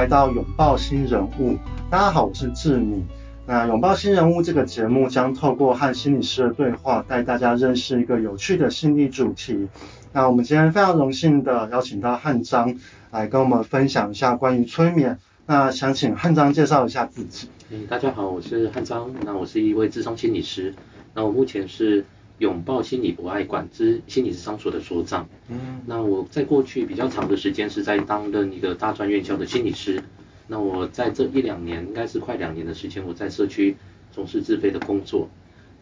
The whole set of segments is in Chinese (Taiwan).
來到擁抱心人物，大家好，我是志敏。那擁抱心人物這個節目將透過和心理師的對話，帶大家認識一個有趣的心理主題。那我們今天非常榮幸地邀請到漢章來跟我們分享一下關於催眠。那想請漢章介紹一下自己。哎，大家好，我是漢章。那我是一位諮商心理師。那我目前是。擁抱心理博愛館之心理諮商所的所長。嗯，那我在過去比較長的時間是在擔任一個大專院校的心理師。那我在這一兩年，應該是快兩年的時間，我在社區從事自費的工作。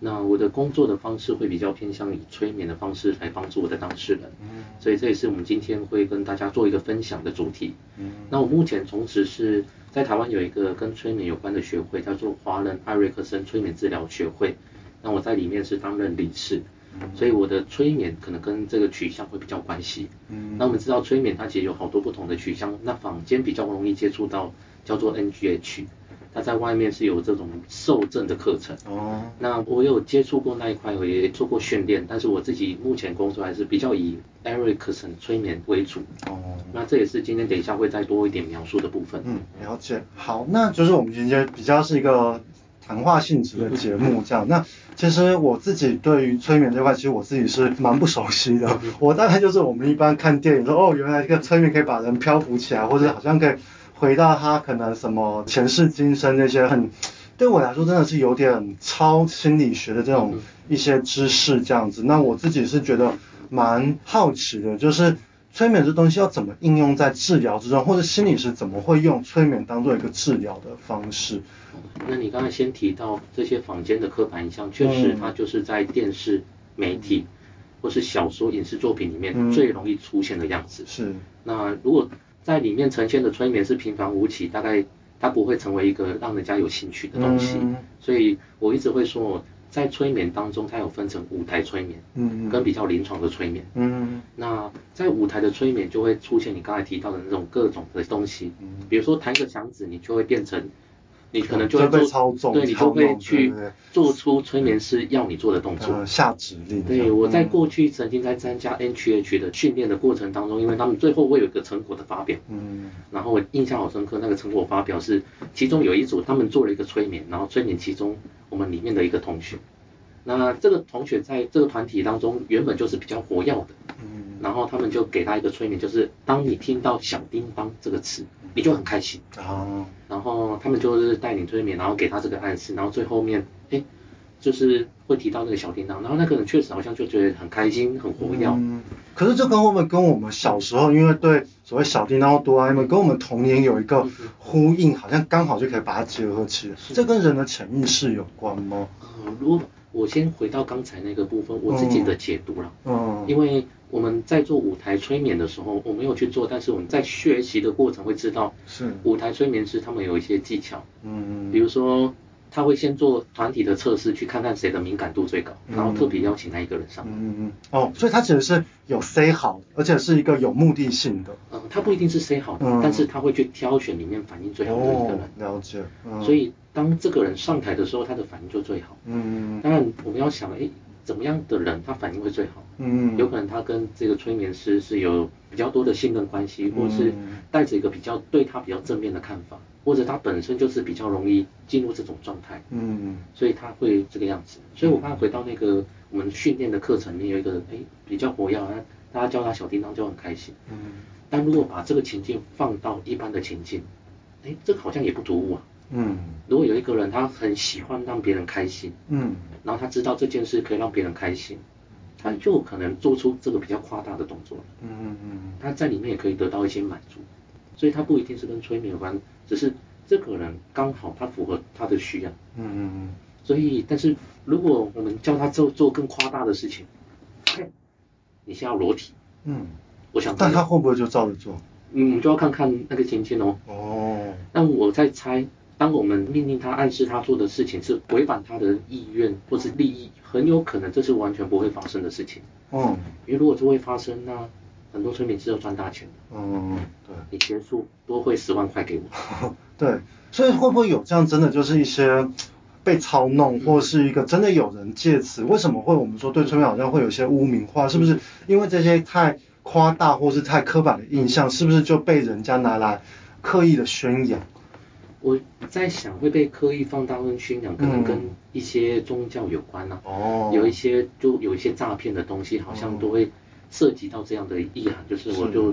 那我的工作的方式會比較偏向以催眠的方式來幫助我的當事人。嗯，所以這也是我們今天會跟大家做一個分享的主題。嗯，那我目前從事是在台灣有一個跟催眠有關的學會，叫做華人艾瑞克森催眠治療學會。那我在裡面是擔任理事。嗯，所以我的催眠可能跟這個取向會比較關係。嗯，那我們知道催眠它其實有好多不同的取向，那坊間比較容易接觸到叫做 NGH，它在外面是有這種受證的課程。哦，那我有接觸過那一塊，我也做過訓練，但是我自己目前工作還是比較以艾瑞克森催眠為主。哦，那這也是今天等一下會再多一點描述的部分。嗯，了解。好，那就是我們今天比較是一個。談話性質的節目，這樣。那其實我自己對於催眠這塊，其實我自己是蠻不熟悉的。我大概就是我們一般看電影說，哦，原來一個催眠可以把人漂浮起來，或者好像可以回到他可能什麼前世今生那些很，對我來說真的是有點超心理學的這種一些知識這樣子。那我自己是覺得蠻好奇的，就是。催眠這東西要怎麼應用在治療之中，或者心理師怎麼會用催眠當做一個治療的方式？那你剛才先提到這些坊間的刻板印象，確實它就是在電視、嗯、媒體或是小說、嗯、影視作品裡面最容易出現的樣子、嗯。是，那如果在裡面呈現的催眠是平凡無奇，大概它不會成為一個讓人家有興趣的東西。嗯、所以我一直會說我。在催眠當中，它有分成舞台催眠，嗯嗯跟比較臨床的催眠，嗯。那在舞台的催眠就會出現你剛才提到的那種各種的東西，嗯。比如說彈個響指，你就會變成，嗯、你可能就會做就被操縱，對你就會去做出催眠師要你做的動作，嗯嗯嗯、下指令。對、嗯、我在過去曾經在參加 NCH 的訓練的過程當中、嗯，因為他們最後會有一個成果的發表，嗯。然後我印象好深刻，那個成果發表是、嗯、其中有一組他們做了一個催眠，然後催眠其中。我們裡面的一個同學，那這個同學在這個團體當中原本就是比較活躍的，嗯，然後他們就給他一個催眠，就是當你聽到“小叮當”這個詞，你就很開心，哦，然後他們就是帶你催眠，然後給他這個暗示，然後最後面，哎、欸。就是會提到那個小叮當，然後那個人確實好像就覺得很開心，很活躍。嗯，可是這個會不會跟我們小時候，因為對所謂小叮當多啊，跟我們童年有一個呼應，好像剛好就可以把它結合起來是。這跟人的潛意識有關嗎？嗯，呃，如果我先回到剛才那個部分，我自己的解讀了。嗯，嗯，因為我們在做舞台催眠的時候，我沒有去做，但是我們在學習的過程會知道，是舞台催眠師他們有一些技巧。嗯嗯。比如說。他會先做團體的測試，去看看誰的敏感度最高，嗯、然後特別邀請他一個人上來。嗯嗯，哦，所以他其實是有 say 好，而且是一個有目的性的。嗯、呃、他不一定是 say 好的，嗯，但是他會去挑選裡面反應最好的一個人。哦，了解，嗯。所以當這個人上台的時候，他的反應就最好。嗯嗯。當然我們要想，哎，怎麼樣的人他反應會最好？嗯嗯。有可能他跟這個催眠師是有比較多的信任關係，嗯，或是帶着一個比較對他比較正面的看法。或者他本身就是比較容易進入這種狀態、嗯，嗯，所以他會這個樣子。所以我剛才回到那個我們訓練的課程裡面，有一個人哎、嗯欸、比較活躍，他大家叫他小叮噹就很開心，嗯。但如果把這個情境放到一般的情境，哎、欸，這個好像也不突兀啊，嗯。如果有一個人他很喜歡讓別人開心，嗯，然後他知道這件事可以讓別人開心，他就可能做出這個比較誇大的動作了，嗯嗯嗯。他在裡面也可以得到一些滿足，所以他不一定是跟催眠有關。只是這個人剛好他符合他的需要，嗯嗯嗯，所以但是如果我們叫他做做更誇大的事情，嗯、你先要裸體，嗯，我想，但他會不會就照着做？嗯，就要看看那個情境哦。哦。那我在猜，當我們命令他、暗示他做的事情是違反他的意願或是利益，很有可能這是完全不會發生的事情。嗯，嗯，因為如果就會發生那，啊。很多催眠師只都賺大錢的，嗯，對，你結束多會十萬塊給我呵呵。對，所以會不會有這樣？真的就是一些被操弄，嗯、或是一個真的有人借此、嗯？為什麼會我們說對催眠好像會有些污名化，、嗯？是不是因為這些太誇大，或是太刻板的印象、嗯？是不是就被人家拿來刻意的宣揚？我在想會被刻意放大跟宣揚，可、嗯、能跟一些宗教有關呢、啊。哦，有一些就有一些詐騙的東西，好像都會、嗯。涉及到這樣的意涵，就是我就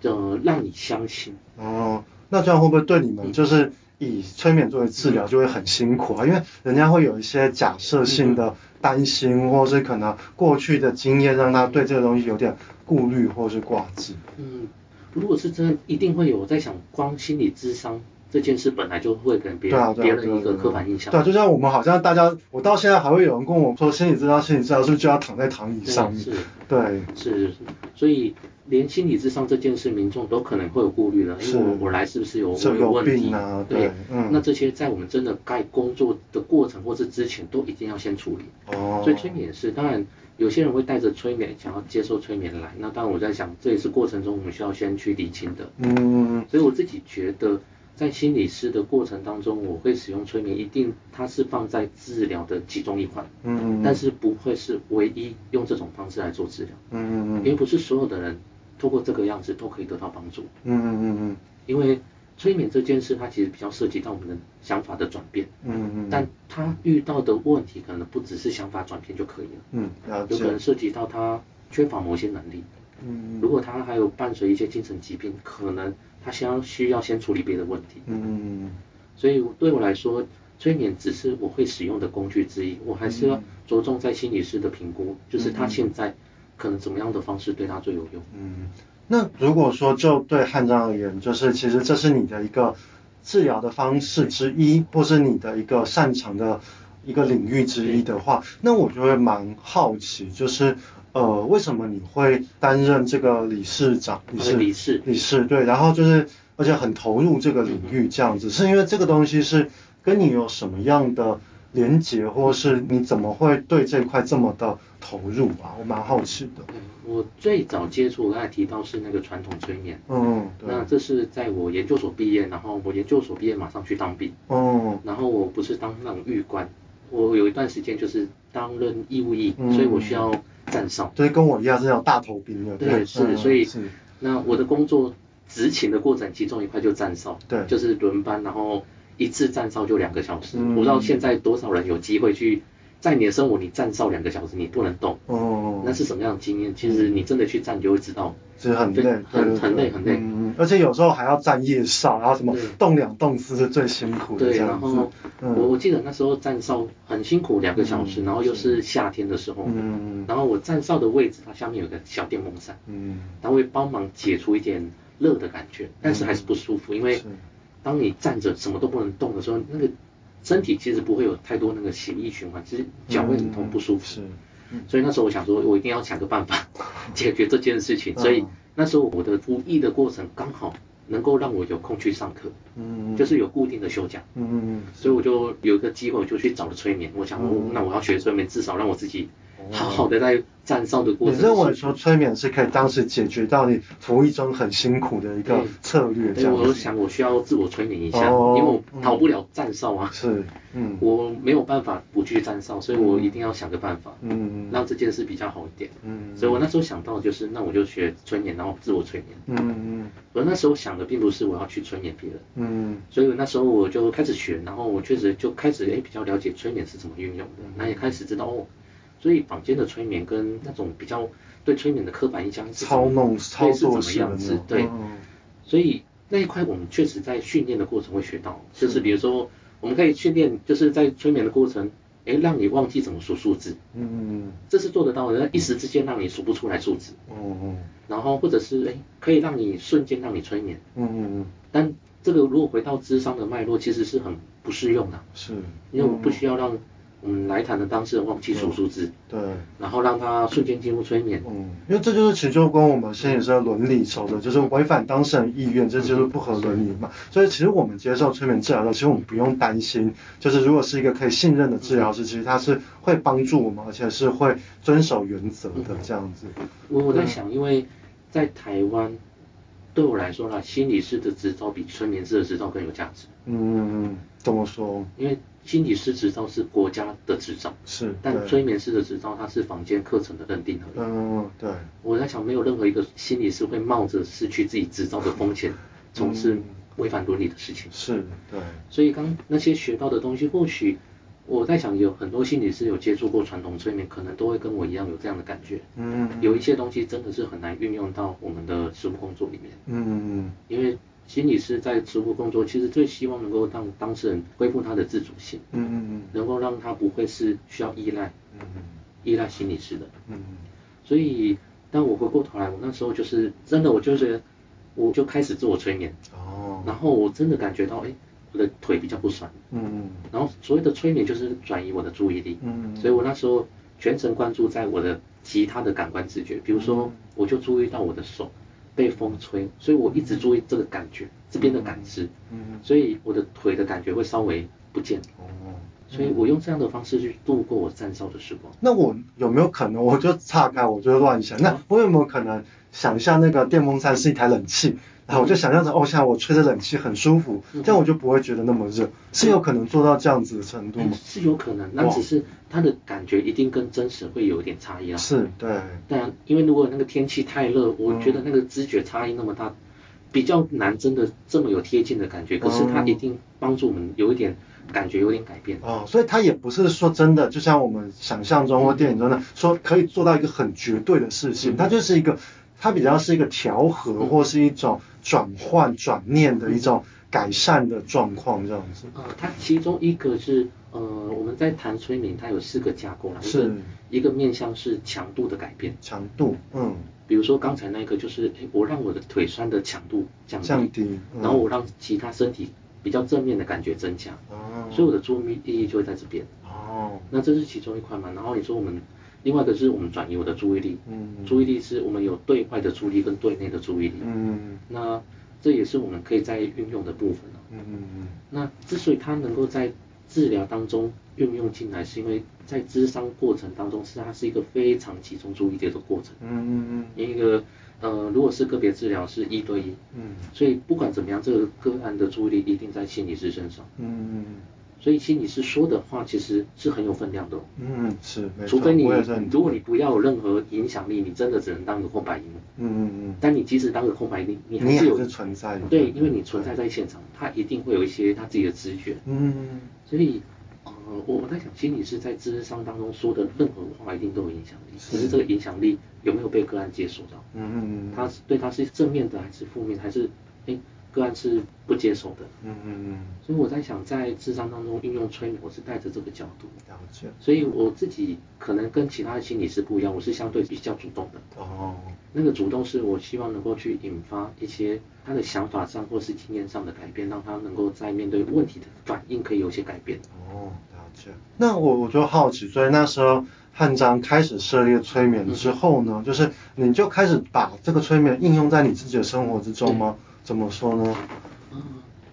就、呃、讓你相信哦、嗯，那這樣會不會對你們就是以催眠作為治療就會很辛苦啊、嗯？因為人家會有一些假設性的擔心、嗯，或是可能過去的經驗讓他對這個東西有點顧慮或是掛置。嗯，如果是真的一定會有。我在想光心理諮商。這件事本來就會給別人，啊啊啊、別人一個刻板印象。對、啊對啊，就像我們好像大家，我到現在還會有人跟我說，心理治療、心理治療是不是就要躺在躺椅上？是，對是，是。所以連心理治療這件事，民眾都可能會有顧慮了。是。我我來是不是有有有問題？這個啊、對、對、嗯，那這些在我們真的該工作的過程或是之前，都一定要先處理。哦。所以催眠也是，當然有些人會帶着催眠想要接受催眠來，那當然我在想，這也是過程中我們需要先去理清的。嗯。所以我自己覺得。在心理師的過程當中，我會使用催眠，一定它是放在治療的其中一環，嗯，嗯嗯，但是不會是唯一用這種方式來做治療，嗯嗯嗯，因為不是所有的人透過這個樣子都可以得到幫助，嗯嗯嗯嗯，因為催眠這件事，它其實比較涉及到我們的想法的轉變，嗯，嗯嗯，但他遇到的問題可能不只是想法轉變就可以了，嗯，了解，有可能涉及到他缺乏某些能力。嗯，如果他還有伴隨一些精神疾病，嗯、可能他先需要先處理別的問題的。嗯，所以對我來說，催眠只是我會使用的工具之一，我還是要着重在心理師的評估、嗯，就是他現在可能怎麼樣的方式對他最有用。嗯，那如果說就對漢章而言，就是其實這是你的一個治療的方式之一，或是你的一個擅長的。一個領域之一的話，嗯，那我就會蠻好奇，就是呃，為什麼你會擔任這個理事長？你是，啊，理事，理事對。然後就是，而且很投入這個領域這樣子，嗯，是因為這個東西是跟你有什麼樣的連結，或是你怎麼會對這塊這麼的投入啊？我蠻好奇的。對，我最早接觸，我剛才提到是那個傳統催眠，嗯，對。那這是在我研究所畢業，然後我研究所畢業馬上去當兵，哦，嗯，然後我不是當那種獄官。我有一段時間就是擔任義務役，嗯、所以我需要站哨，所以跟我一樣是要大頭兵的對，對，對、嗯。是，所以是。那我的工作執勤的過程其中一塊就站哨，對，就是輪班，然後一次站哨就兩個小時。我不知道現在多少人有機會去、嗯，在你的生活你站哨兩個小時，你不能動。哦，哦，哦。那是什麼樣的經驗？其實你真的去站你就會知道。是很累很，很累，很、嗯、累，而且有時候還要站夜哨，然後什麼動兩動四是最辛苦的，對，嗯、然後，我我記得那時候站哨很辛苦，兩個小時、嗯，然後又是夏天的時候，嗯然後我站哨的位置，它下面有個小電風扇，嗯，它會幫忙解除一點熱的感覺，嗯、但是還是不舒服、嗯，因為當你站着什麼都不能動的時候，那個身體其實不會有太多那個血液循環，嗯、其實腳會很痛、嗯、不舒服。是所以那時候我想說，我一定要想個辦法，解決這件事情。所以那時候我的服役的過程剛好能夠讓我有空去上課，就是有固定的休假。嗯，所以我就有一個機會，我就去找了催眠。我想，哦，那我要學催眠，至少讓我自己。好好的在站哨的過程，哦。你認為我說催眠是可以當時解決到你服役中很辛苦的一個策略，這樣的。我就想，我需要自我催眠一下，哦、因為我逃不了站哨啊、嗯。是。嗯。我沒有辦法不去站哨，所以我一定要想個辦法。嗯嗯，讓這件事比較好一點。嗯，所以我那時候想到就是，那我就學催眠，然後自我催眠。嗯嗯嗯。我那時候想的並不是我要去催眠別人。嗯，所以那時候我就開始學，然後我確實就開始哎比較了解催眠是怎麼運用的，那也開始知道哦。所以坊間的催眠跟那種比較對催眠的刻板印象是操弄、操作的什麼樣子？對、嗯，所以那一塊我們確實在訓練的過程會學到，嗯、就是比如說我們可以訓練，就是在催眠的過程，哎，讓你忘記怎麼數數字，嗯，這是做得到的，嗯、一時之間讓你數不出來數字，嗯嗯，然後或者是哎，可以讓你瞬間讓你催眠，嗯嗯嗯，但這個如果回到諮商的脈絡，其實是很不適用的，是，嗯、因為我們不需要讓。嗯，來談的當事人忘記數數字，對，然後讓他瞬間進入催眠。嗯，因為這就是其實跟我們心理師倫理守的、嗯，就是違反當事人意願，嗯、這就是不合倫理嘛、嗯。所以其實我們接受催眠治療的，其實我們不用擔心，就是如果是一個可以信任的治療師、嗯，其實他是會幫助我們，而且是會遵守原則的這樣子。我、嗯、我在想，因為在台灣，對我來說啦，嗯、心理師的執照比催眠師的執照更有價值。嗯，怎麼說？因為。心理師執照是國家的執照，是，但催眠師的執照它是坊間課程的認定而已。嗯，對。我在想，沒有任何一個心理師會冒着失去自己執照的風險嗯、從事違反倫理的事情。是，對。所以剛那些學到的東西，或許我在想，有很多心理師有接觸過傳統催眠，可能都會跟我一樣有這樣的感覺。嗯，有一些東西真的是很難運用到我們的實務工作裡面。嗯嗯嗯，因為。心理師在逐步工作，其實最希望能夠讓當事人恢復他的自主性，嗯嗯嗯，能夠讓他不會是需要依賴，嗯，嗯，依賴心理師的，嗯，嗯，所以，當我回過頭來，我那時候就是真的，我就是，我就開始自我催眠，哦，然後我真的感覺到，哎、欸，我的腿比較不酸，嗯嗯，然後所謂的催眠就是轉移我的注意力，嗯，嗯，嗯，所以我那時候全程關注在我的其他的感官知覺，比如說嗯嗯我就注意到我的手。被風吹，所以我一直注意這個感覺，嗯、這邊的感知。嗯，所以我的腿的感覺會稍微不見，哦、嗯，所以我用這樣的方式去度過我站哨的時光。那我有沒有可能，我就岔開，我就亂想，那我有沒有可能想象那個電風扇是一台冷氣？嗯嗯啊，我就想象着、嗯，哦，現在我吹着冷氣很舒服，嗯，這樣我就不會覺得那麼熱，是有可能做到這樣子的程度嗎？嗯，是有可能，那只是他的感覺一定跟真實會有一點差異啊。是，對。但因為如果那個天氣太熱，我覺得那個知覺差異那麼大，嗯，比較難真的這麼有貼近的感覺。可是它一定幫助我們有一點感覺，有點改變，嗯嗯。哦，所以它也不是說真的，就像我們想象中或電影中的，嗯，說，可以做到一個很絕對的事情，嗯，它就是一個。它比較是一個調和或是一種轉換、轉念的一種改善的狀況這樣子。啊、嗯呃，它其中一個是，呃，我們在談催眠，它有四個架構，一個是一個面向是強度的改變。強度。嗯。比如說剛才那個就是、欸，我讓我的腿酸的強度強低降低，嗯，然後我讓其他身體比較正面的感覺增強。哦。所以我的注意力就會在這邊。哦。那這是其中一塊嘛，然後你說我們。另外的是我們轉移我的注意力嗯，嗯，注意力是我們有對外的注意力跟對內的注意力，嗯，嗯那這也是我們可以在運用的部分嗯，嗯，嗯那之所以它能夠在治療當中運用進來，是因為在諮商過程當中，其實它是一個非常集中注意力的過程，嗯嗯嗯，嗯因為一個呃如果是個別治療是一對一嗯，嗯，所以不管怎麼樣，這個個案的注意力一定在心理師身上，嗯。嗯嗯所以心理師說的話其實是很有分量的哦。嗯嗯是，除非你如果你不要有任何影響力，你真的只能當個空白音。嗯嗯嗯。但你即使當個空白音，你還是有還是存在。對，對，對，對，因為你存在在現場，他一定會有一些他自己的直覺。嗯嗯嗯。所以，呃，我在想心理師在諮商當中說的任何的話一定都有影響力，只是這個影響力有沒有被個案接受到？嗯嗯嗯。他對他是正面的還是負面的還是？哎、欸。個案是不接受的，嗯嗯嗯，所以我在想，在諮商當中應用催眠，我是帶着這個角度，了解。所以我自己可能跟其他的心理師不一樣，我是相對比較主動的。哦。那個主動是我希望能夠去引發一些他的想法上或是經驗上的改變，讓他能夠在面對問題的反應可以有一些改變。哦，了解。那我我就好奇，所以那時候漢章開始涉獵催眠之後呢，嗯、就是你就開始把這個催眠應用在你自己的生活之中嗎？嗯嗯怎麼說呢、呃，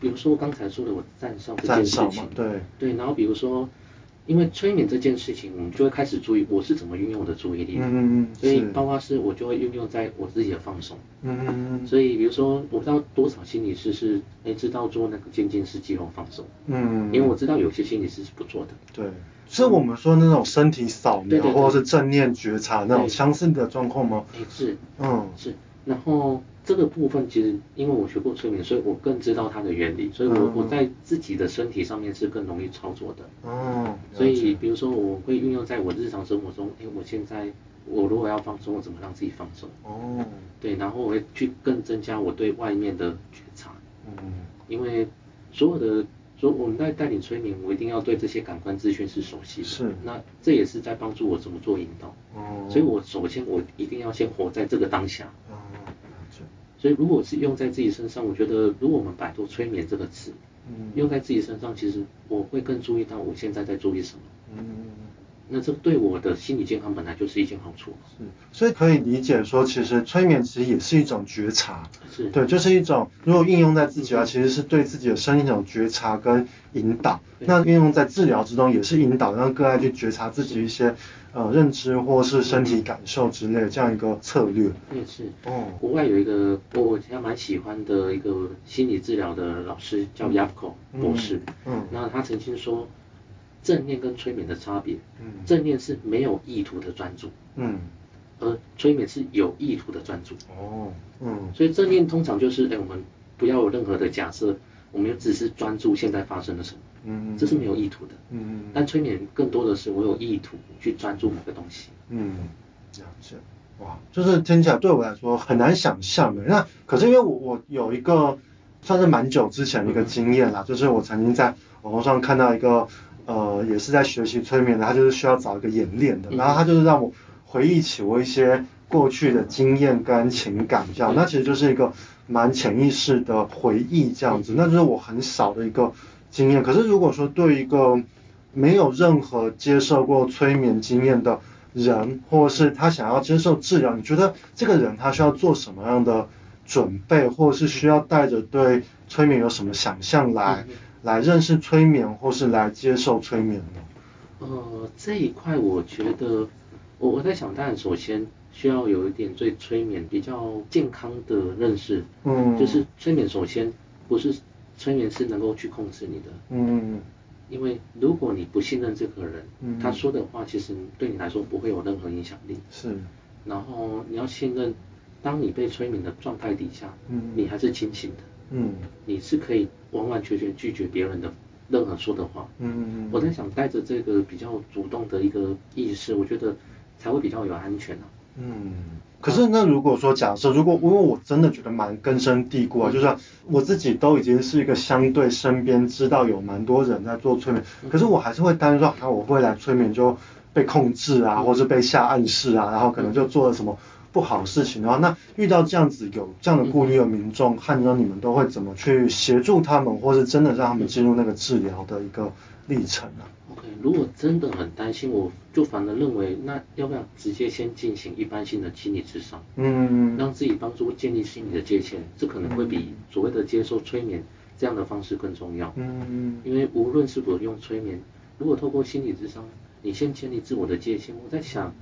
比如說我剛才說的，我讚賞這件事情，對對，然後比如說，因為催眠這件事情，我們就會開始注意我是怎麼運用我的注意力。嗯嗯嗯。所以包括是我就會運用在我自己的放鬆。嗯嗯嗯、啊、所以比如說，我不知道多少心理師是誒知道做那個漸進式肌肉放鬆。嗯。因為我知道有些心理師是不做的。對。是我們說那種身體掃描、嗯、對對對對，或者是正念覺察那種相似的狀況嗎？哎是。嗯是。然後。這個部分其實，因為我學過催眠，所以我更知道它的原理，所以我我在自己的身體上面是更容易操作的。嗯。嗯。所以，比如說，我會運用在我日常生活中，哎，我現在我如果要放鬆，我怎麼讓自己放鬆？哦。對，然後我會去更增加我對外面的覺察。嗯。因為所有的，說我們在帶領催眠，我一定要對這些感官資訊是熟悉的。是。那這也是在幫助我怎麼做引導。嗯。所以我首先，我一定要先活在這個當下。所以，如果是用在自己身上，我覺得，如果我們擺脫“催眠”這個詞，用在自己身上，其實我會更注意到我現在在注意什麼，嗯。那這對我的心理健康本來就是一件好處。嗯，所以可以理解說，其實催眠其實也是一種覺察。是。對，就是一種如果應用在自己的話，嗯，其實是對自己的生命一種覺察跟引導，那應用在治療之中也是引導，嗯，讓個案去覺察自己一些呃認知或是身體感受之類的，嗯，這樣一個策略。也是。哦、嗯。國外有一個、嗯、我其實蠻喜歡的一個心理治療的老師叫 Yapko 博、嗯、士。嗯。那他曾經說。正念跟催眠的差別，嗯，正念是沒有意圖的專注，嗯，而催眠是有意圖的專注，哦，嗯，所以正念通常就是，欸、我們不要有任何的假設，我們只是專注現在發生了什麼，嗯，這是沒有意圖的，嗯嗯，但催眠更多的是我有意圖去專注某個東西，嗯，這樣子哇，就是聽起來對我來說很難想象的、欸，那可是因為我我有一個算是蠻久之前的一個經驗啦、嗯，就是我曾經在網絡上看到一個。呃，也是在學習催眠的，他就是需要找一個演練的，然後他就是讓我回憶起我一些過去的經驗跟情感，這樣，那其實就是一個蠻潛意識的回憶這樣子，那就是我很少的一個經驗。可是如果說對一個沒有任何接受過催眠經驗的人，或是他想要接受治療，你覺得這個人他需要做什麼樣的準備，或者是需要帶着對催眠有什麼想象來？來認識催眠，或是來接受催眠的。呃，這一塊我覺得，我我在想，但首先需要有一點對催眠比較健康的認識。嗯，就是催眠首先不是催眠師能夠去控制你的。嗯嗯嗯。因為如果你不信任這個人，嗯，他說的話其實對你來說不會有任何影響力。是。然後你要信任，當你被催眠的狀態底下，嗯，你還是清醒的。嗯，你是可以完完全全拒絕別人的任何說的話。嗯，我在想帶着這個比較主動的一個意識，我覺得才會比較有安全啊。嗯，可是那如果說假設，如果因為我真的覺得蠻根深蒂固啊，就是我自己都已經是一個相對身邊知道有蠻多人在做催眠，可是我還是會擔心說，啊，我未來催眠就被控制啊，或者是被下暗示啊，然後可能就做了什麼。不好的事情的、啊、話，那遇到這樣子有這樣的顧慮的民眾，漢、嗯、章你們都會怎麼去協助他們，或是真的讓他們進入那個治療的一個歷程呢啊、？OK，如果真的很擔心，我就反而認為，那要不要直接先進行一般性的心理諮商。嗯，讓自己幫助建立心理的界限，這可能會比所謂的接受催眠這樣的方式更重要。嗯，因為無論是否用催眠，如果透過心理諮商，你先建立自我的界限，我在想，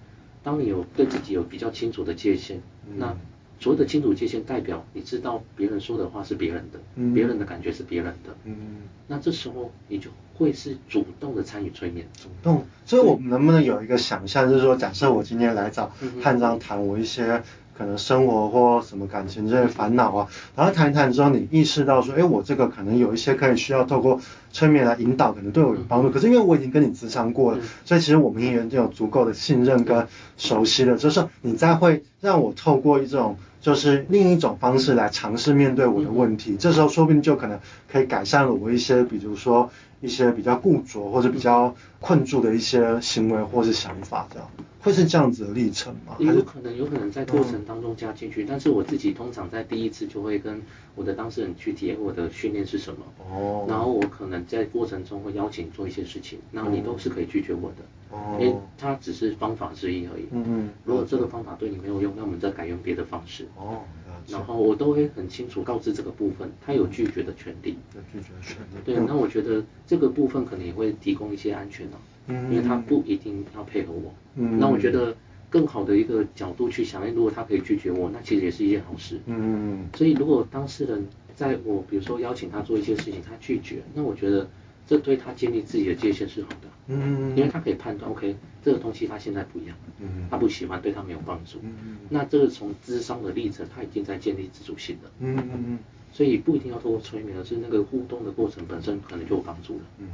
當你有對自己有比較清楚的界限，那所謂的清楚界限代表你知道別人說的話是別人的，嗯、別人的感覺是別人的、嗯，那這時候你就。會是主動的參與催眠，主、嗯、動，所以我們能不能有一個想象，就是說，假設我今天來找漢章談我一些可能生活或什麼感情之類的煩惱啊、嗯，然後談一談之後，你意識到說，哎，我這個可能有一些可以需要透過催眠來引導，可能對我有幫助。嗯、可是因為我已經跟你諮商過了、嗯，所以其實我們已經已經有足夠的信任跟熟悉了，就、嗯、是你再會讓我透過一種就是另一種方式來嘗試面對我的問題，嗯嗯、這時候說不定就可能可以改善了我一些，比如說。一些比較固着或者比較困住的一些行為或是想法，這樣會是這樣子的歷程嗎？也有可能，有可能在過程當中加進去、嗯。但是我自己通常在第一次就會跟我的當事人去體驗我的訓練是什麼。哦。然後我可能在過程中會邀請做一些事情，嗯、那你都是可以拒絕我的、嗯。因為它只是方法之一而已。嗯，嗯。如果這個方法對你沒有用，那我們再改用別的方式。哦、嗯嗯。然後我都會很清楚告知這個部分，他有拒絕的權利。有、嗯、拒絕的權利、嗯。對，那我覺得這個部分可能也會提供一些安全哦、啊，因為他不一定要配合我、嗯。那我覺得更好的一個角度去想，如果他可以拒絕我，那其實也是一件好事。嗯。所以如果當事人在我比如說邀請他做一些事情，他拒絕，那我覺得。這對他建立自己的界限是好的，嗯,嗯,嗯，因為他可以判斷，OK，這個東西他現在不一樣，嗯,嗯，他不喜歡，對他沒有幫助，嗯,嗯,嗯，那這個從諮商的歷程，他已經在建立自主性了，嗯嗯嗯，所以不一定要通過催眠，而是那個互動的過程本身可能就有幫助了，嗯，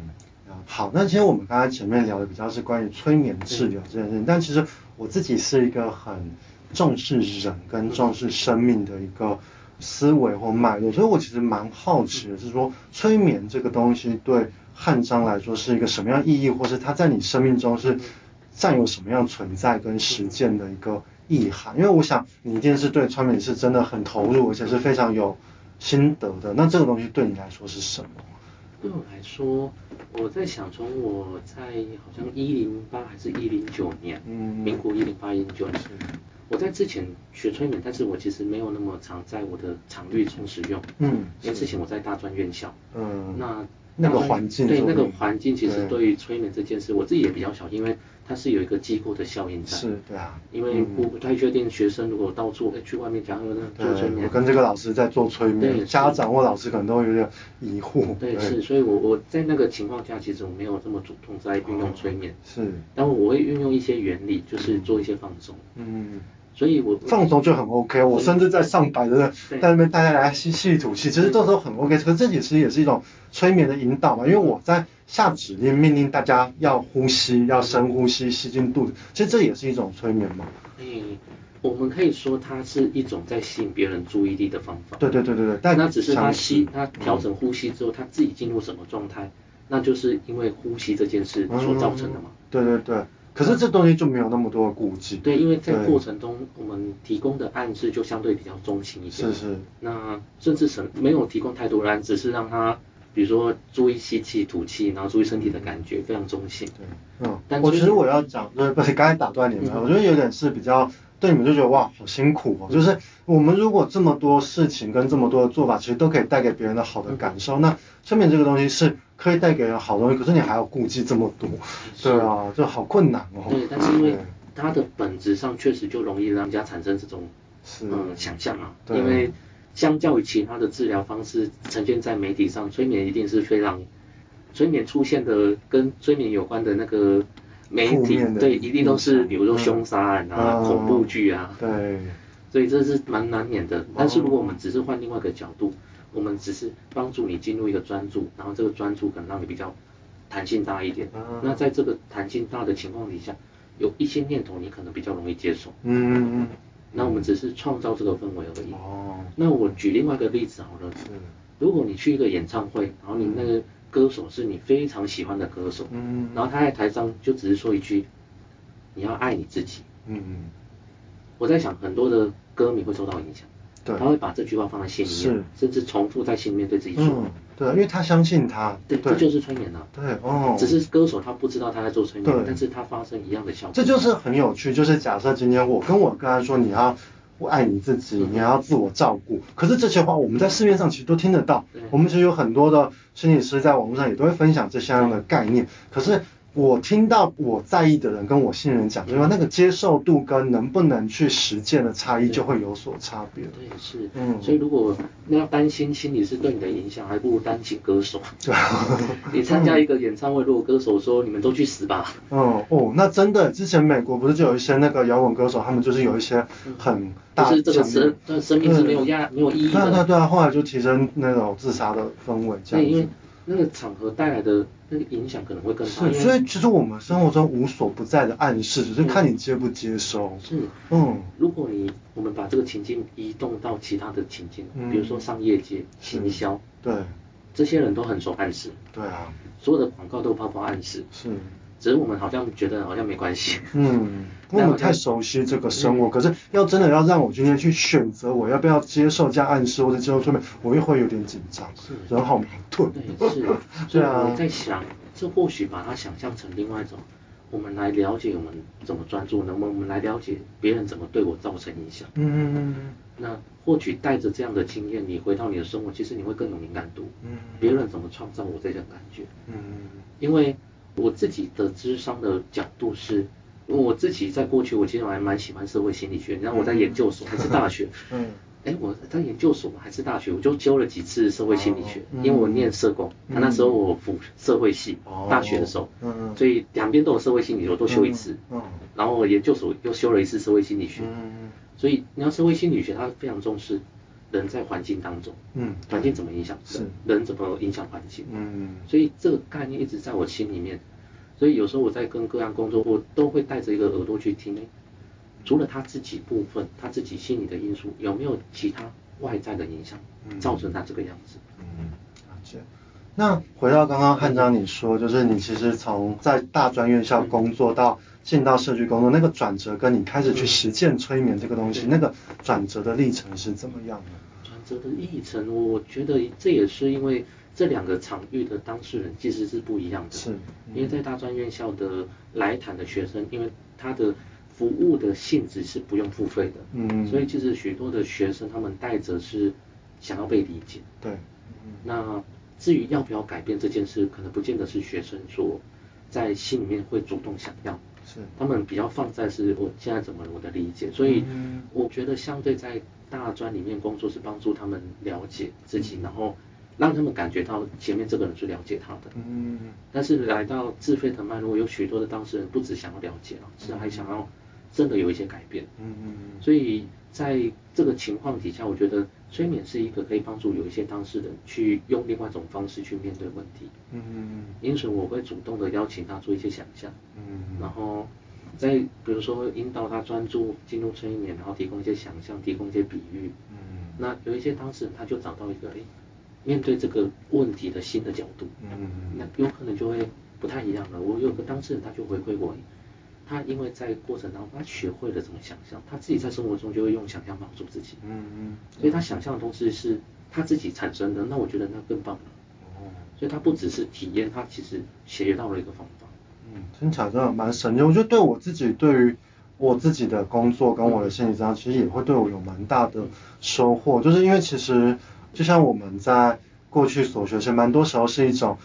好，那今天我們剛才前面聊的比較是關於催眠治療這件事情、嗯，但其實我自己是一個很重視人跟重視生命的一個。思維或脈絡，所以我其實蠻好奇的是說催眠這個東西對漢章來說是一個什麼樣意義，或是它在你生命中是佔有什麼樣存在跟實踐的一個意涵？因為我想你一定是對催眠是真的很投入，而且是非常有心得的。那這個東西對你來說是什麼？對我來說，我在想從我在好像一零八還是一零九年，嗯，民國一零八一零九年。是我在之前學催眠，但是我其實沒有那麼常在我的場域中使用。嗯，因為之前我在大專院校。嗯，那那個環境對那個環境其實對於催眠這件事，我自己也比較小，因為。它是有一個機構的效應在，是對啊，因為我不太確定學生如果到處、嗯、誒，去外面講，那做催眠，我跟這個老師在做催眠。對，家長或老師可能都有點疑惑，對，對對是，所以我我在那個情況下，其實我沒有這麼主動在運用催眠，哦，是，但我會運用一些原理，就是做一些放鬆，嗯。嗯所以我放鬆就很 OK，我甚至在上班的在那邊帶大家來吸氣吐氣，其實這時候很 OK，可是這其實也是一種催眠的引導嘛，因為我在下指令命令大家要呼吸，要深呼吸，吸進肚子，其實這也是一種催眠嘛。哎、欸，我們可以說它是一種在吸引別人注意力的方法。對對對對對，但它只是它吸它調整呼吸之後它自己進入什麼狀態，那就是因為呼吸這件事所造成的嘛、嗯。對對對。可是這東西就沒有那麼多的顧忌。對，因為在過程中，我們提供的暗示就相對比較中性一些。是是。那甚至是沒有提供太多暗示，只是讓他，比如說注意吸氣、吐氣，然後注意身體的感覺，嗯、非常中性。對，嗯。但其實我要講，不是剛才打斷你們， 我覺得有點是比較。所以你們就覺得哇，好辛苦哦！就是我們如果這麼多事情跟這麼多的做法，其實都可以帶給別人的好的感受。那催眠這個東西是可以帶給人好東西，可是你還要顧忌這麼多，對啊，就好困難哦。對，但是因為它的本質上確實就容易讓人家產生這種是嗯想象啊。對。因為相較於其他的治療方式，呈現在媒體上，催眠一定是非常，催眠出現的跟催眠有關的那個。媒體對一定都是、嗯，比如說凶殺案、嗯、啊、恐怖劇啊，對，所以這是蠻難免的、嗯。但是如果我們只是換另外一個角度，嗯、我們只是幫助你進入一個專注，然後這個專注可能讓你比較彈性大一點。嗯、那在這個彈性大的情況底下，有一些念頭你可能比較容易接受。嗯嗯嗯。那我們只是創造這個氛圍而已。哦、嗯。那我舉另外一個例子好了。嗯。如果你去一個演唱會，然後你那個。嗯歌手是你非常喜歡的歌手，嗯，然後他在台上就只是說一句，你要愛你自己，嗯，嗯，我在想很多的歌迷會受到影響，對，他會把這句話放在心裡面，是，甚至重複在心裡面對自己說，嗯，對，因為他相信他，對，這就是催眠了，對，哦，只是歌手他不知道他在做催眠，但是他發生一樣的效果，這就是很有趣，就是假設今天我跟我剛才說你要。我愛你自己，你要自我照顧。可是這些話我們在市面上其實都聽得到，我們其實有很多的心理師在網絡上也都會分享這些樣的概念。可是。我聽到我在意的人跟我信任講，的話，是那個接受度跟能不能去實踐的差異就會有所差別。對，是。嗯，所以如果要擔心心理是對你的影響，還不如擔心歌手。對。 你參加一個演唱會，嗯，如果歌手說你們都去死吧。哦、嗯、哦，那真的，之前美國不是就有一些那個搖滾歌手，他們就是有一些很大，就是這個生對生命是沒有壓、沒有意義的。對對對啊，後來就提升那種自殺的氛圍這樣子。因為因為那個場合帶來的那個影響可能會更大。所以其實我們生活中無所不在的暗示、嗯，只是看你接不接收。是。嗯，如果你我們把這個情境移動到其他的情境，嗯、比如說商業街、嗯、行銷，對，這些人都很受暗示。對啊。所有的廣告都包含暗示。是。只是我們好像覺得好像沒關係，嗯，因為我們太熟悉這個生活。嗯。可是要真的要讓我今天去選擇，我要不要接受加暗示或者接受催眠，我又會有點緊張，是，人好矛盾。對， 是，所以我在想，啊，這或許把它想象成另外一種，我們來了解我們怎麼專注，能不能我們來了解別人怎麼對我造成影響？嗯嗯嗯，那或許帶着這樣的經驗，你回到你的生活，其實你會更有敏感度。嗯，別人怎麼創造我這種感覺？嗯，因為。我自己的諮商的角度是，我自己在過去，我其實還蠻喜歡社會心理學。然後，我在研究所還是大學，嗯，哎、嗯欸，我在研究所還是大學，我就修了幾次社會心理學，哦嗯、因為我念社工，嗯、他那時候我輔社會系、哦，大學的時候，哦、嗯，所以兩邊都有社會心理學，我都修一次，嗯，然後研究所又修了一次社會心理學，嗯，所以你要社會心理學，他非常重視。人在環境當中，嗯，環境怎麼影響？是人怎麼有影響環境？嗯，所以這個概念一直在我心裡面。所以有時候我在跟各樣工作，我都會帶着一個耳朵去聽，除了他自己部分，他自己心理的因素，有沒有其他外在的影響，造成他這個樣子？嗯，嗯，那回到剛剛漢章你說，嗯，就是你其實從在大專院校工作到。進到社區工作，那個轉折跟你開始去實踐催眠這個東西，嗯、那個轉折的歷程是怎麼樣的？轉折的歷程，我覺得這也是因為這兩個場域的當事人其實是不一樣的。是。嗯、因為在大專院校的來談的學生，因為他的服務的性質是不用付費的，嗯，所以其實許多的學生他們帶着是想要被理解。對、嗯。那至於要不要改變這件事，可能不見得是學生說在心裡面會主動想要。他們比較放在是我現在怎麼了，我的理解，所以我覺得相對在大專裡面工作是幫助他們了解自己，然後讓他們感覺到前面這個人是了解他的。但是來到自費的脈絡，有許多的當事人不只想要了解了，是還想要。真的有一些改變，嗯嗯，所以在這個情況底下，我覺得催眠是一個可以幫助有一些當事人去用另外一種方式去面對問題，嗯嗯嗯，因此我會主動的邀請他做一些想象，嗯，然後再比如說引導他專注進入催眠，然後提供一些想象，提供一些比喻，嗯，那有一些當事人他就找到一個哎、欸、面對這個問題的新的角度，嗯嗯，那有可能就會不太一樣了。我有個當事人他就回饋我，他因為在過程當中，他學會了怎麼想象，他自己在生活中就會用想象幫助自己。嗯嗯。所以，他想象的東西是他自己產生的，那我覺得那更棒了。哦、嗯。所以，他不只是體驗，他其實學到了一個方法。嗯，聽起來真的蠻神奇。我覺得對我自己，對於我自己的工作跟我的心理上、嗯、其實也會對我有蠻大的收穫。就是因為其實，就像我們在過去所學，是蠻多時候是一種。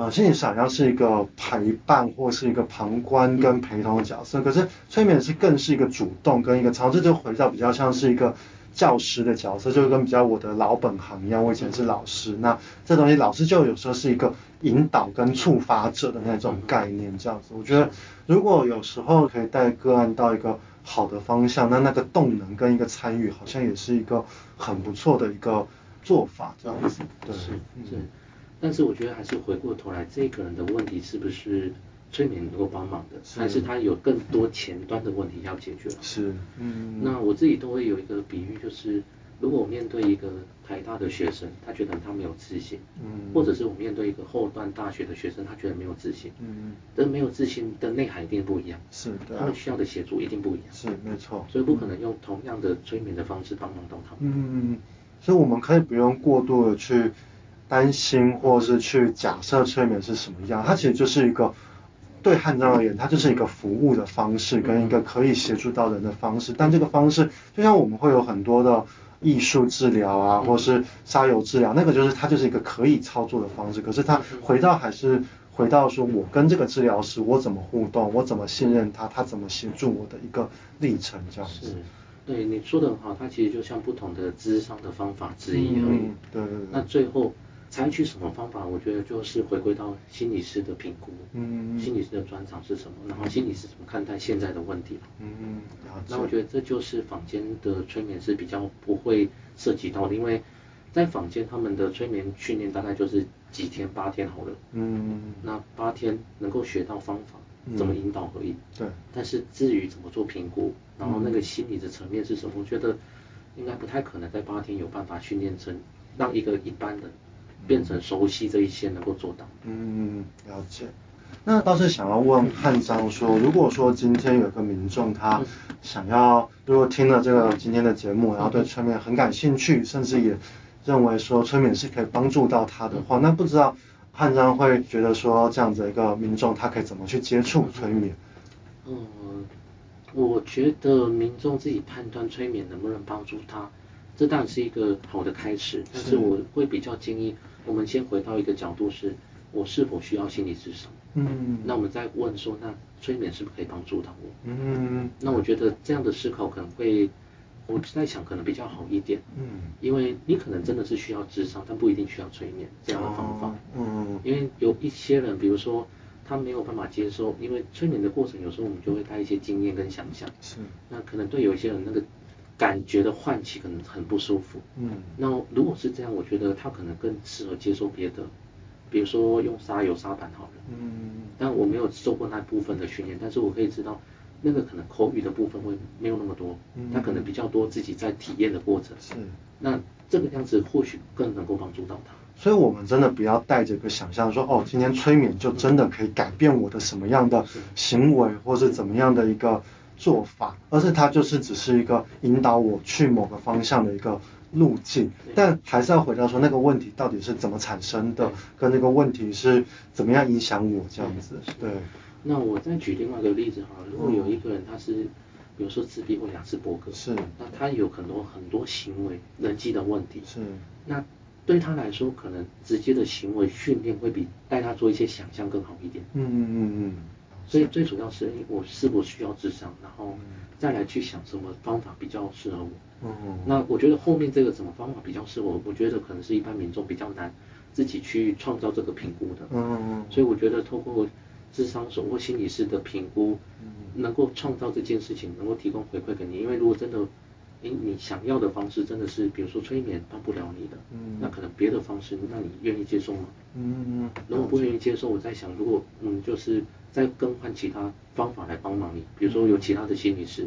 呃，心理想要是一個陪伴或是一個旁觀跟陪同的角色，嗯、可是催眠是更是一個主動跟一個嘗試，就回到比較像是一個教師的角色，就跟比較我的老本行一樣，我以前是老師，嗯、那這東西老師就有時候是一個引導跟觸發者的那種概念這樣子。嗯、我覺得如果有時候可以帶個案到一個好的方向，那那個動能跟一個參與好像也是一個很不錯的一個做法這樣子。嗯、對，嗯。是是但是我覺得還是回過頭來，這個人的問題是不是催眠能夠幫忙的？是，還是他有更多前端的問題要解決啊？是，嗯。那我自己都會有一個比喻，就是如果我面對一個台大的學生，他覺得他沒有自信，嗯，或者是我面對一個後段大學的學生，他覺得沒有自信，嗯，但沒有自信的內涵一定不一樣，是，對啊，他們需要的協助一定不一樣，是，沒錯。所以不可能用同樣的催眠的方式幫忙到他們。嗯，所以我們可以不用過度的去。擔心或是去假設催眠是什麼樣，它其實就是一個，對漢章而言，它就是一個服務的方式跟一個可以協助到人的方式。嗯、但這個方式就像我們會有很多的藝術治療啊，嗯、或者是沙遊治療，那個就是它就是一個可以操作的方式。可是它回到，還是回到說，我跟這個治療師我怎麼互動，我怎麼信任他，嗯、他怎麼協助我的一個歷程這樣子。對，你說的很好，它其實就像不同的諮商的方法之一而已，嗯，對對對。那最後。採取什麼方法？我覺得就是回歸到心理師的評估，嗯,嗯,嗯，心理師的專長是什麼？然後心理師怎麼看待現在的問題嗯嗯，那我覺得這就是坊間的催眠是比較不會涉及到的，因為在坊間他們的催眠訓練大概就是幾天八天好了，嗯,嗯,嗯，那八天能夠學到方法嗯嗯，怎麼引導而已，嗯嗯對。但是至於怎麼做評估，然後那個心理的層面是什麼？嗯、我覺得應該不太可能在八天有辦法訓練成讓一個一般人。變成熟悉這一些、嗯、能夠做到。嗯，了解。那倒是想要問漢章說，如果說今天有個民眾他想要、嗯，如果聽了這個今天的節目、嗯，然後對催眠很感興趣、嗯，甚至也認為說催眠是可以幫助到他的話、嗯，那不知道漢章會覺得說這樣子一個民眾他可以怎麼去接觸催眠？嗯，我覺得民眾自己判斷催眠能不能幫助他，這當然是一個好的開始。但是我會比較建議。我們先回到一個角度是，是我是否需要心理諮商？嗯，那我們再問說，那催眠是不是可以幫助到我？嗯，那我覺得這樣的思考可能會，我在想可能比較好一點。嗯，因為你可能真的是需要諮商，但不一定需要催眠這樣的方法。哦。嗯，因為有一些人，比如說他沒有辦法接受，因為催眠的過程有時候我們就會帶一些經驗跟想象。是，那可能對有一些人那個。感覺的喚起可能很不舒服。嗯，那如果是這樣，我覺得他可能更適合接受別的，比如說用沙遊沙盤好了。嗯，但我沒有受過那部分的訓練，但是我可以知道，那個可能口語的部分會沒有那麼多。嗯，他可能比較多自己在體驗的過程。是，那這個這樣子或許更能夠幫助到他。所以，我們真的不要帶着一個想象說，哦，今天催眠就真的可以改變我的什麼樣的行為，是或是怎麼樣的一個。做法，而是它就是只是一個引導我去某個方向的一個路徑，但還是要回到說那個問題到底是怎麼產生的，跟那個問題是怎麼樣影響我這樣子對。對。那我再舉另外一個例子哈，如果有一個人他是，嗯、比如說自閉或亞斯伯格，是，那他有很多很多行為人際的問題，是，那對他來說，可能直接的行為訓練會比帶他做一些想象更好一點。嗯嗯嗯嗯。嗯所以最主要是我是否需要諮商，然後再來去想什麼方法比較適合我。嗯嗯。那我覺得後面這個什麼方法比較適合我，我覺得可能是一般民眾比較難自己去創造這個評估的。嗯嗯嗯。所以我覺得透過諮商手或心理師的評估，嗯嗯、能夠創造這件事情，能夠提供回饋給你。因為如果真的、欸，你想要的方式真的是，比如說催眠幫不了你的，嗯嗯、那可能別的方式，那你願意接受嗎？嗯嗯嗯、如果不願意接受，我在想，如果嗯就是。再更換其他方法來幫忙你，比如說有其他的心理師，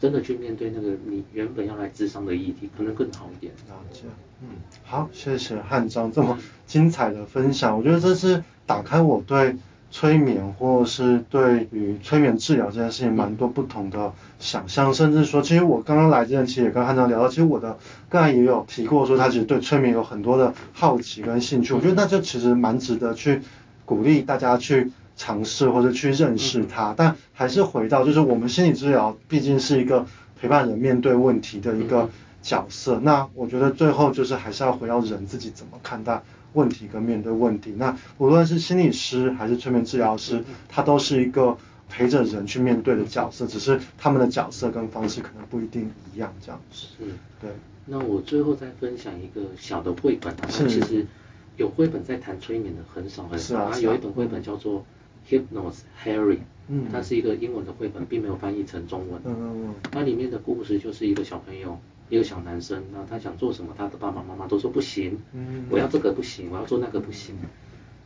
真的去面對那個你原本要來諮商的議題，可能更好一點。啊，這樣，嗯，好，謝謝漢章這麼精彩的分享， 我覺得這是打開我對催眠或是對於催眠治療這件事情蠻、嗯、多不同的想象，甚至說，其實我剛剛來之前其實也跟漢章聊到，其實我的剛才也有提過說，他其實對催眠有很多的好奇跟興趣，嗯、我覺得那就其實蠻值得去鼓勵大家去。嘗試或者去認識他，嗯、但還是回到，就是我們心理治療畢竟是一個陪伴人面對問題的一個角色、嗯。那我覺得最後就是還是要回到人自己怎麼看待問題跟面對問題。那無論是心理師還是催眠治療師、嗯，他都是一個陪着人去面對的角色、嗯，只是他們的角色跟方式可能不一定一樣這樣子。嗯，對。那我最後再分享一個小的繪本啊，其實有繪本在談催眠的很少很少，啊、有一本繪本叫做。Hypnos Harry，、嗯、它是一個英文的繪本，並沒有翻譯成中文。它、嗯嗯嗯、裡面的故事就是一個小朋友，一個小男生，然後他想做什麼，他的爸爸媽媽都說不行、嗯嗯。我要這個不行，我要做那個不行，嗯、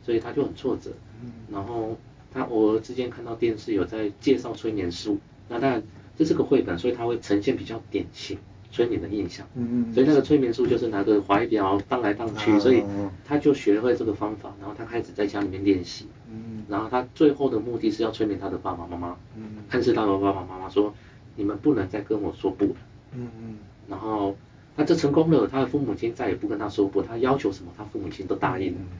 所以他就很挫折。嗯、然後他偶爾之間看到電視有在介紹催眠術，那當然這是個繪本、嗯，所以他會呈現比較典型催眠的印象、嗯嗯。所以那個催眠術就是拿個懷表蕩來蕩去、嗯，所以他就學會這個方法，然後他開始在家裡面練習。嗯嗯然後他最後的目的是要催眠他的爸爸媽，媽媽，嗯、暗示他的爸爸媽媽，媽說、嗯嗯：“你們不能再跟我說不了。”嗯嗯。然後他就成功了，他的父母親再也不跟他說不，他要求什麼，他父母親都答應了、嗯嗯。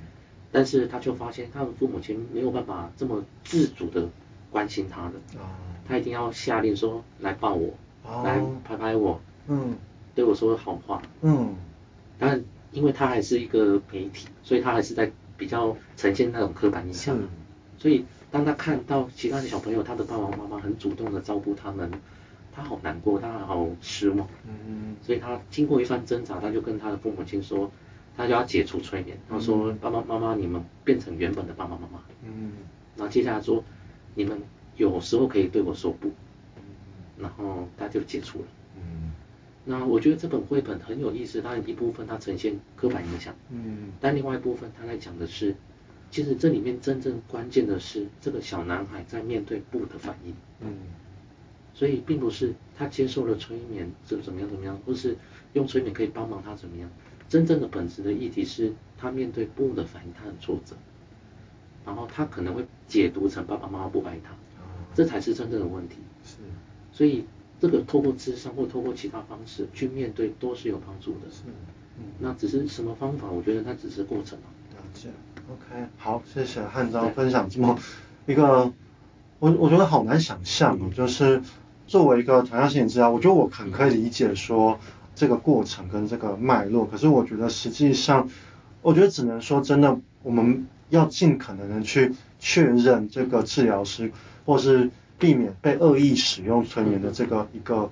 但是他就發現他的父母親沒有辦法這麼自主的關心他的，他一定要下令說來：“來抱我，來拍拍我。”嗯。對我說好話。嗯。但因為他還是一個媒體，所以他還是在比較呈現那種刻板印象。嗯嗯所以當他看到其他的小朋友，他的爸爸媽媽很主動的照顧他們，他好難過，他好失望。嗯。所以他經過一番掙扎，他就跟他的父母親說，他就要解除催眠。他說，嗯、爸爸媽媽你們變成原本的爸爸媽媽。嗯。然後接下來說，你們有時候可以對我說不。然後他就解除了。嗯。那我覺得這本繪本很有意思，它一部分它呈現刻板印象。嗯。嗯，但另外一部分它在講的是。其實這裡面真正關鍵的是這個小男孩在面對不的反應，嗯，所以並不是他接受了催眠是怎麼樣怎麼樣，或是用催眠可以幫忙他怎麼樣。真正的本質的議題是他面對不的反應，他很挫折，然後他可能會解讀成爸爸媽媽不愛他，嗯，這才是真正的問題。是，所以這個透過諮商或透過其他方式去面對都是有幫助的。是，嗯，那只是什麼方法？我覺得它只是過程嘛，啊。了解 OK，好，謝謝漢章分享這麼一個，我我覺得好難想象哦、嗯，就是作為一個糖尿性治療，我覺得我很可以理解說這個過程跟這個脈絡，可是我覺得實際上，我覺得只能說真的，我們要盡可能的去確認這個治療師，或是避免被惡意使用催眠的這個一個。嗯嗯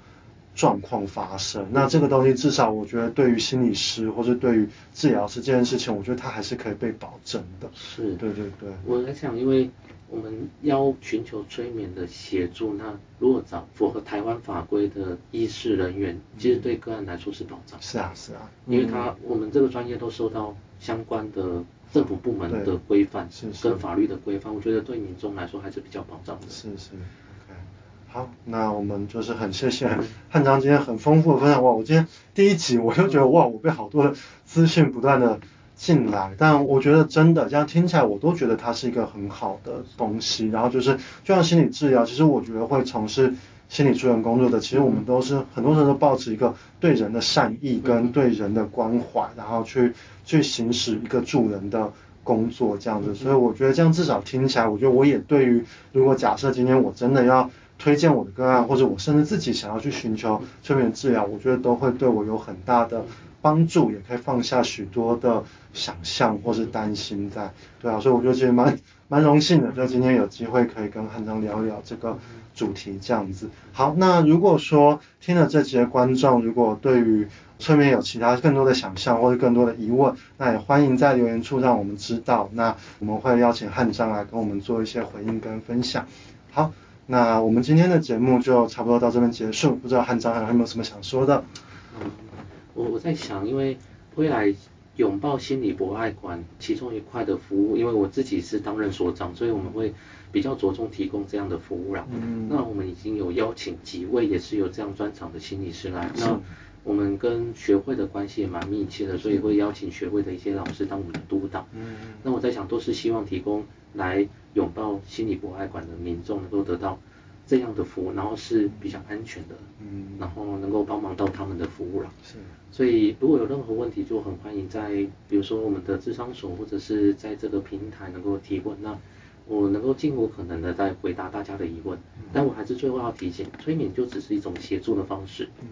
狀況發生，那這個東西至少我覺得對於心理師或是對於治療師這件事情，我覺得它還是可以被保證的。是，對對對。我在想，因為我們要尋求催眠的協助，那如果找符合台灣法規的醫事人員、嗯，其實對個案來說是保障。是啊，是啊。嗯、因為他我們這個專業都受到相關的政府部門的規範、嗯，跟法律的規範，我覺得對民眾來說還是比較保障的。是是。好，那我們就是很謝謝漢章今天很豐富的分享哇！我今天第一集我就覺得哇，我被好多的資訊不斷的進來，但我覺得真的這樣聽起來，我都覺得它是一個很好的東西。然後就是就像心理治療，其實我覺得會從事心理助人工作的，其實我們都是、嗯、很多時候都抱持一個對人的善意跟對人的關懷，然後去去行使一個助人的工作這樣子。所以我覺得這樣至少聽起來，我覺得我也對於如果假設今天我真的要。推薦我的個案，或者我甚至自己想要去尋求催眠治療，我覺得都會對我有很大的幫助，也可以放下許多的想象或是擔心在，對啊，所以我覺得其實蠻蠻榮幸的，就今天有機會可以跟漢章聊一聊這個主題這樣子。好，那如果說聽了這集的觀眾，如果對於催眠有其他更多的想象或者更多的疑問，那也歡迎在留言處讓我們知道，那我們會邀請漢章來跟我們做一些回應跟分享。好。那我們今天的節目就差不多到這邊結束，不知道漢章還有沒有什麼想說的？嗯，我我在想，因為未來擁抱心理博愛館其中一塊的服務，因為我自己是擔任所長，所以我們會比較着重提供這樣的服務啦。嗯，那我們已經有邀請幾位也是有這樣專長的心理師來。是那我們跟學會的關係也蠻密切的，所以會邀請學會的一些老師當我們的督導。嗯，嗯，嗯，那我在想，都是希望提供來擁抱心理博愛館的民眾能夠得到這樣的服務，然後是比較安全的，嗯，嗯，嗯，然後能夠幫忙到他們的服務了。是、啊，所以如果有任何問題，就很歡迎在比如說我們的諮商所，或者是在這個平台能夠提問，那我能夠盡我可能的在回答大家的疑問。但我還是最後要提醒，催眠就只是一種協助的方式。嗯。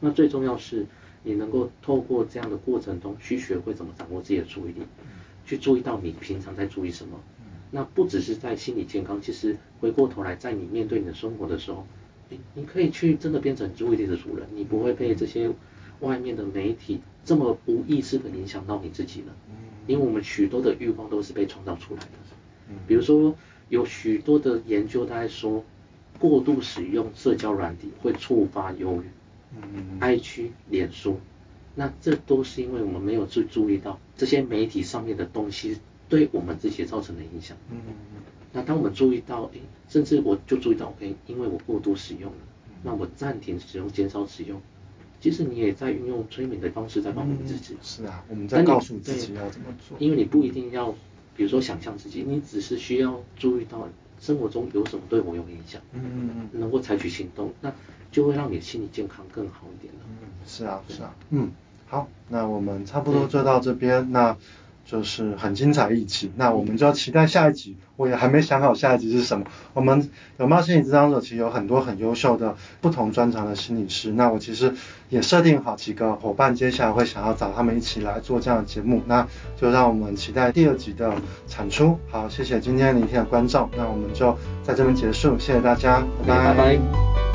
那最重要是，你能夠透過這樣的過程中去學會怎麼掌握自己的注意力，去注意到你平常在注意什麼。那不只是在心理健康，其實回過頭來，在你面對你的生活的時候，你你可以去真的變成注意力的主人，你不會被這些外面的媒體這麼無意識的影響到你自己了。因為我們許多的慾望都是被創造出來的。比如說，有許多的研究它還說，過度使用社交軟體會觸發憂鬱。嗯，嗯，嗯，IG、臉書，那這都是因為我們沒有去注意到這些媒體上面的東西對我們自己造成的影響。嗯，嗯，嗯，嗯，那當我們注意到，誒，甚至我就注意到，OK，因為我過度使用了，那我暫停使用，減少使用。其實你也在運用催眠的方式在幫我們自己，啊嗯。是啊，我們在告訴你自己要怎麼做。因為你不一定要，比如說想象自己，你只是需要注意到生活中有什麼對我有影響，嗯嗯嗯，嗯，能夠採取行動。那。就會讓你心理健康更好一點。嗯，是啊，是啊。嗯，好，那我們差不多就到這邊，嗯，那就是很精彩一集。那我們就要期待下一集，嗯。我也還沒想好下一集是什麼。我們擁抱心理諮商所，其實有很多很優秀的、不同專長的心理師。那我其實也設定好幾個夥伴，接下來會想要找他們一起來做這樣的節目。那就讓我們期待第二集的產出。好，謝謝今天的一天的關照。那我們就在這邊結束，謝謝大家，okay, 拜拜。